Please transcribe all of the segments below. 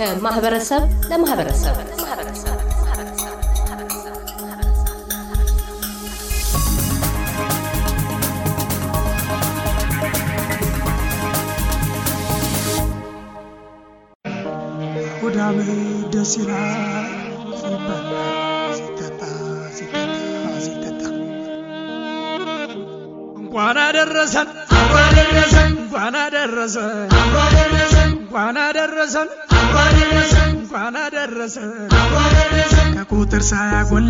ከማህበረሰብ ለማህበረሰብ ሆዳም ደስ ይላል እንኳን አደረሰን እንኳን አደረሰን እንኳን አደረሰን እንኳን አደረሰን እንኳን አደረሰ! ከቁጥር ሳያጎል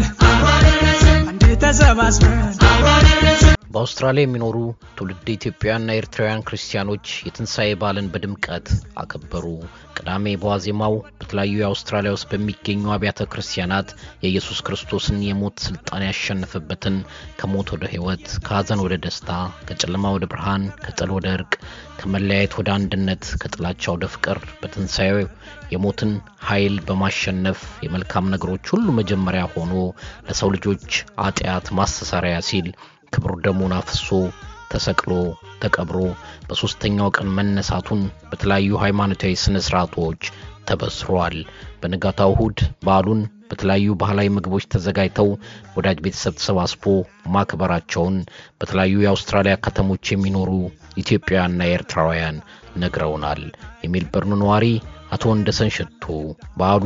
አንዴ ተሰባስበን በአውስትራሊያ የሚኖሩ ትውልድ ኢትዮጵያውያንና ኤርትራውያን ክርስቲያኖች የትንሣኤ በዓልን በድምቀት አከበሩ። ቅዳሜ በዋዜማው በተለያዩ የአውስትራሊያ ውስጥ በሚገኙ አብያተ ክርስቲያናት የኢየሱስ ክርስቶስን የሞት ሥልጣን ያሸነፈበትን ከሞት ወደ ሕይወት፣ ከሐዘን ወደ ደስታ፣ ከጨለማ ወደ ብርሃን፣ ከጥል ወደ እርቅ፣ ከመለያየት ወደ አንድነት፣ ከጥላቻ ወደ ፍቅር በትንሣኤው የሞትን ኃይል በማሸነፍ የመልካም ነገሮች ሁሉ መጀመሪያ ሆኖ ለሰው ልጆች ኃጢአት ማስተሰሪያ ሲል ክብሩ ደሙን አፍሶ ተሰቅሎ ተቀብሮ በሦስተኛው ቀን መነሳቱን በተለያዩ ሃይማኖታዊ ሥነ ሥርዓቶች ተበስሯል። በንጋታው እሁድ በዓሉን በተለያዩ ባህላዊ ምግቦች ተዘጋጅተው ወዳጅ ቤተሰብ ተሰባስቦ ማክበራቸውን በተለያዩ የአውስትራሊያ ከተሞች የሚኖሩ ኢትዮጵያውያንና ኤርትራውያን ነግረውናል። የሜልበርኑ ነዋሪ አቶ ወንደሰን ሸቶ በዓሉ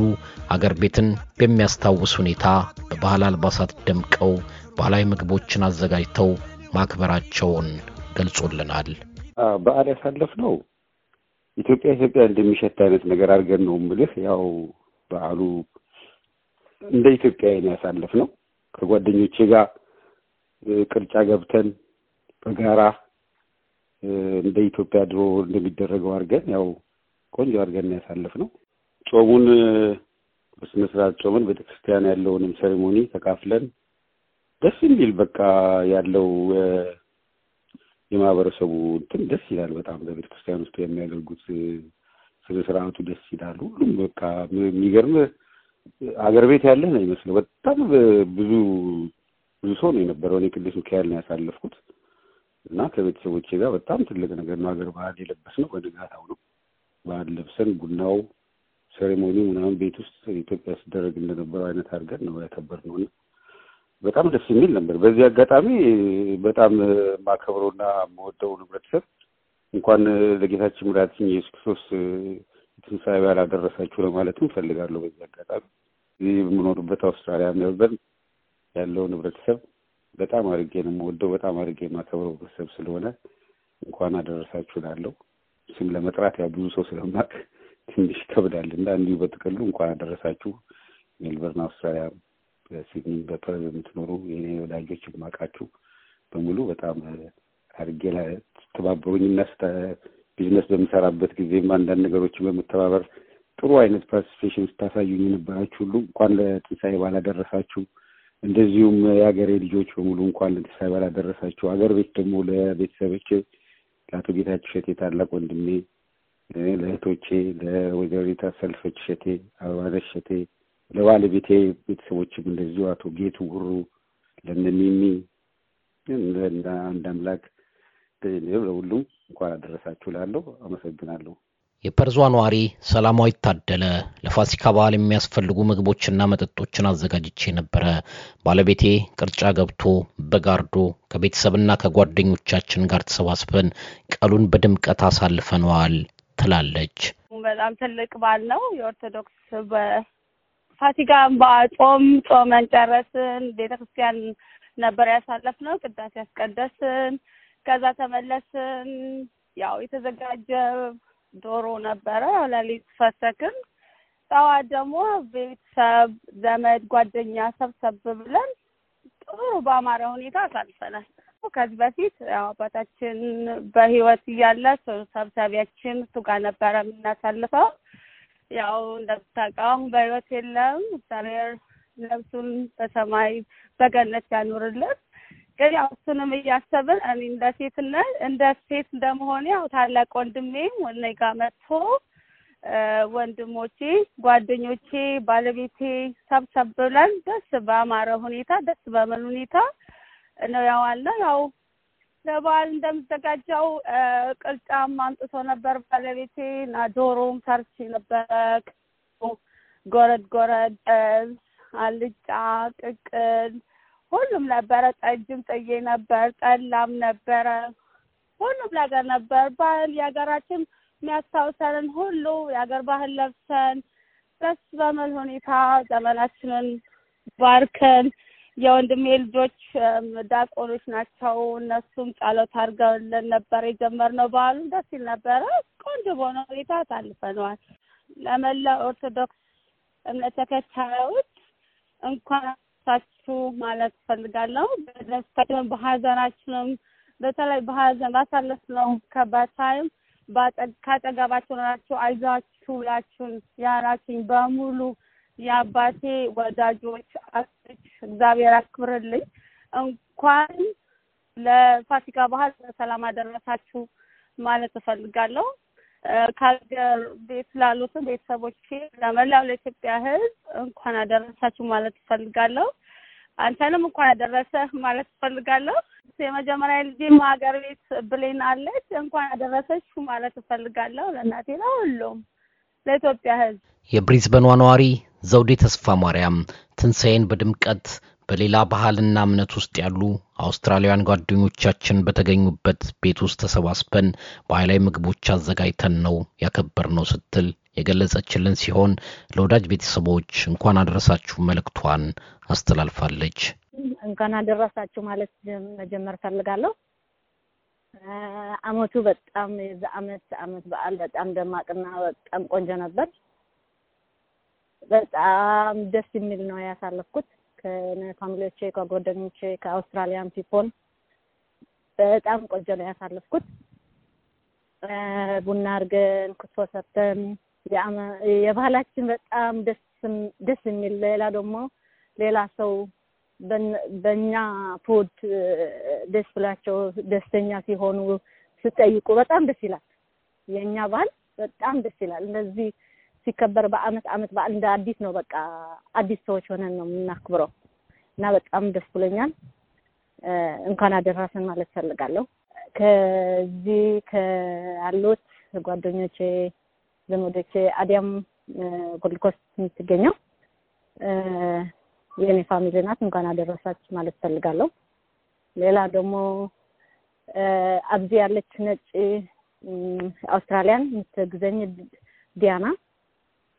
አገር ቤትን በሚያስታውስ ሁኔታ በባህል አልባሳት ደምቀው ባህላዊ ምግቦችን አዘጋጅተው ማክበራቸውን ገልጾልናል። በዓል ነው። ኢትዮጵያ ኢትዮጵያ እንደሚሸት አይነት ነገር አድርገን ነው ምልህ ያው በዓሉ እንደ ኢትዮጵያ ነው ነው። ከጓደኞቼ ጋር ቅርጫ ገብተን በጋራ እንደ ኢትዮጵያ ድሮ እንደሚደረገው አድርገን ያው ቆንጆ አድርገን ነው ነው። ጾሙን በስነ ስርዓት ጾምን ቤተክርስቲያን ያለውንም ሴሬሞኒ ተካፍለን ደስ የሚል በቃ ያለው የማህበረሰቡ እንትን ደስ ይላል። በጣም በቤተ ክርስቲያን ውስጥ የሚያደርጉት ስነ ስርዓቱ ደስ ይላል። ሁሉም በቃ የሚገርም አገር ቤት ያለ ነው ይመስለው። በጣም ብዙ ብዙ ሰው ነው የነበረው። እኔ ቅዱስ ሚካኤል ነው ያሳለፍኩት እና ከቤተሰቦቼ ጋር በጣም ትልቅ ነገር ነው። አገር ባህል የለበስ ነው። በንጋታው ነው ባህል ለብሰን ቡናው ሴሬሞኒ ምናምን ቤት ውስጥ ኢትዮጵያ ሲደረግ እንደነበረው አይነት አድርገን ነው ያከበር እና በጣም ደስ የሚል ነበር። በዚህ አጋጣሚ በጣም ማከብረውና መወደው ህብረተሰብ እንኳን ለጌታችን መድኃኒታችን ኢየሱስ ክርስቶስ ትንሣኤ በዓል አደረሳችሁ ለማለትም እፈልጋለሁ። በዚህ አጋጣሚ እዚህ የምኖርበት አውስትራሊያ ሜልበርን ያለውን ህብረተሰብ በጣም አድርጌ ነው የምወደው፣ በጣም አድርጌ የማከብረው ህብረተሰብ ስለሆነ እንኳን አደረሳችሁ እላለሁ። ስም ለመጥራት ያው ብዙ ሰው ስለማቅ ትንሽ ይከብዳል እና እንዲሁ በጥቅሉ እንኳን አደረሳችሁ ሜልበርን አውስትራሊያ በሲድኒ በፐርዝ የምትኖሩ የኔ ወዳጆች የማውቃችሁ በሙሉ በጣም ተባበሩኝ ስተባበሩኝና ቢዝነስ በምሰራበት ጊዜም አንዳንድ ነገሮችን በመተባበር ጥሩ አይነት ፓርቲስፔሽን ስታሳዩኝ የነበራችሁ ሁሉ እንኳን ለትንሳኤ ባላደረሳችሁ እንደዚሁም የሀገሬ ልጆች በሙሉ እንኳን ለትንሳኤ ባላደረሳችሁ አገር ሀገር ቤት ደግሞ ለቤተሰቦች ለአቶ ጌታቸው ሸቴ ታላቅ ወንድሜ፣ ለእህቶቼ፣ ለወይዘሪት አሰልፈች ሸቴ፣ አበባነሽ ሸቴ ለባለቤቴ ቤተሰቦችም እንደዚሁ አቶ ጌቱ ጉሩ፣ ለነሚሚ አንድ አምላክ ለሁሉም እንኳን አደረሳችሁ ላለሁ አመሰግናለሁ። የፐርዟ ነዋሪ ሰላማዊ ታደለ ለፋሲካ በዓል የሚያስፈልጉ ምግቦችና መጠጦችን አዘጋጅቼ ነበረ። ባለቤቴ ቅርጫ ገብቶ በጋርዶ ከቤተሰብና ከጓደኞቻችን ጋር ተሰባስበን ቀሉን በድምቀት አሳልፈነዋል ትላለች። በጣም ትልቅ በዓል ነው። የኦርቶዶክስ ፋሲካን በጾም ጾመን ጨረስን። ቤተ ክርስቲያን ነበር ያሳለፍነው። ቅዳሴ ያስቀደስን፣ ከዛ ተመለስን። ያው የተዘጋጀ ዶሮ ነበረ። ሌሊት ፈሰክን። ጠዋት ደግሞ ቤተሰብ፣ ዘመድ፣ ጓደኛ ሰብሰብ ብለን ጥሩ በአማረ ሁኔታ አሳልፈናል። ከዚህ በፊት ያው አባታችን በህይወት እያለ ሰብሳቢያችን እሱ ጋር ነበረ የምናሳልፈው ያው እንደምታውቀው በህይወት የለም። እግዚአብሔር ነብሱን በሰማይ በገነት ያኑርልን። ግን ያው እሱንም እያሰብን እኔ እንደ ሴትነት እንደ ሴት እንደመሆኔ ያው ታላቅ ወንድሜ ወኔ ጋር መጥቶ ወንድሞቼ፣ ጓደኞቼ፣ ባለቤቴ ሰብሰብ ብለን ደስ በአማረ ሁኔታ ደስ በምን ሁኔታ ነው ያዋለ ያው ለበዓል እንደምዘጋጀው ቅርጫም አንጥቶ ነበር ባለቤቴ እና ዶሮም ሰርቼ ነበረ። ጎረድ ጎረድ፣ አልጫ፣ ቅቅል ሁሉም ነበረ። ጠጅም ጥዬ ነበር፣ ጠላም ነበረ፣ ሁሉም ነገር ነበር። ባህል የሀገራችን የሚያስታውሰንን ሁሉ የሀገር ባህል ለብሰን ደስ በሚል ሁኔታ ዘመናችንን ባርከን የወንድሜ ልጆች ዳቆኖች ናቸው። እነሱም ጸሎት አድርገውልን ነበር የጀመርነው። በዓሉም ደስ ሲል ነበረ። ቆንጆ በሆነ ሁኔታ አሳልፈነዋል። ለመላው ኦርቶዶክስ እምነት ተከታዮች እንኳን ሳችሁ ማለት እፈልጋለሁ። በደስታችንም በሀዘናችንም በተለይ በሀዘን ባሳለፍነው ከባድ ታይም ካጠገባችሁ ናችሁ አይዛችሁ ብላችሁን ያላችሁኝ በሙሉ የአባቴ ወዳጆች አስች እግዚአብሔር አክብርልኝ። እንኳን ለፋሲካ በዓል በሰላም አደረሳችሁ ማለት እፈልጋለሁ። ከሀገር ቤት ላሉት ቤተሰቦቼ፣ ለመላው ለኢትዮጵያ ሕዝብ እንኳን አደረሳችሁ ማለት እፈልጋለሁ። አንተንም እንኳን አደረሰህ ማለት እፈልጋለሁ። የመጀመሪያ ልጅ ሀገር ቤት ብሌን አለች። እንኳን አደረሰች ማለት እፈልጋለሁ። ለእናቴ ነው ሁሉም ለኢትዮጵያ ሕዝብ የብሪዝበኗ ነዋሪ ዘውዴ ተስፋ ማርያም ትንሣኤን በድምቀት በሌላ ባህልና እምነት ውስጥ ያሉ አውስትራሊያን ጓደኞቻችን በተገኙበት ቤት ውስጥ ተሰባስበን ባህላዊ ምግቦች አዘጋጅተን ነው ያከበርነው ስትል የገለጸችልን ሲሆን ለወዳጅ ቤተሰቦች እንኳን አደረሳችሁ መልእክቷን አስተላልፋለች። እንኳን አደረሳችሁ ማለት መጀመር ፈልጋለሁ። አመቱ በጣም የዛ አመት አመት በዓል በጣም ደማቅና በጣም ቆንጆ ነበር። በጣም ደስ የሚል ነው ያሳለፍኩት። ከፋሚሊዎቼ ከጓደኞቼ፣ ከአውስትራሊያን ፒፖል በጣም ቆጀ ነው ያሳለፍኩት። ቡና አድርገን ክትፎ ሰርተን የባህላችን በጣም ደስ የሚል ሌላ ደግሞ ሌላ ሰው በእኛ ፉድ ደስ ብላቸው ደስተኛ ሲሆኑ ስጠይቁ በጣም ደስ ይላል። የእኛ ባህል በጣም ደስ ይላል። እነዚህ ሲከበር በአመት አመት እንደ አዲስ ነው። በቃ አዲስ ሰዎች ሆነን ነው የምናክብረው እና በጣም ደስ ብሎኛል። እንኳን አደረሰን ማለት ፈልጋለሁ። ከዚህ ከአሉት ጓደኞቼ፣ ዘመዶቼ አዲያም ጎልድ ኮስት የምትገኘው የእኔ ፋሚሊ ናት። እንኳን አደረሳች ማለት ፈልጋለሁ። ሌላ ደግሞ አብዚ ያለች ነጭ አውስትራሊያን የምትግዘኝ ዲያና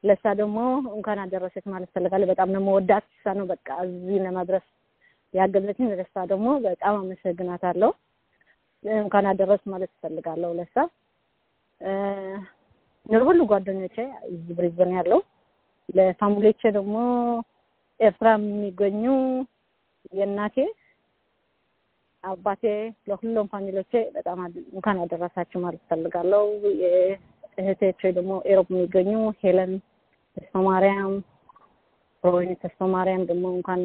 ለእሷ ደግሞ እንኳን አደረሰች ማለት ፈልጋለሁ። በጣም ነው መወዳት። እሷ ነው በቃ እዚህ ለማድረስ ያገዘችኝ። ለእሷ ደግሞ በጣም አመሰግናታለሁ። እንኳን አደረስ ማለት ፈልጋለሁ ለእሷ ሁሉ ጓደኞቼ እዚህ ብሪዝበን ያለው ለፋሚሊዎቼ ደግሞ ኤርትራ የሚገኙ የእናቴ አባቴ ለሁሉም ፋሚሊዎቼ በጣም እንኳን አደረሳችሁ ማለት ፈልጋለሁ። የእህቶቼ ደግሞ ኤሮፕ የሚገኙ ሄለን ተስፋ ማርያም ሮይኒ ተስፋ ማርያም ደግሞ እንኳን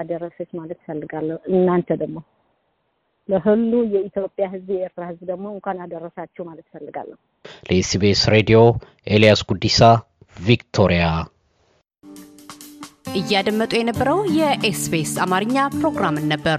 አደረሰች ማለት እፈልጋለሁ። እናንተ ደግሞ ለሁሉ የኢትዮጵያ ሕዝብ የኤርትራ ሕዝብ ደግሞ እንኳን አደረሳችሁ ማለት እፈልጋለሁ። ለኤስቢኤስ ሬዲዮ ኤልያስ ጉዲሳ ቪክቶሪያ። እያደመጡ የነበረው የኤስቢኤስ አማርኛ ፕሮግራምን ነበር።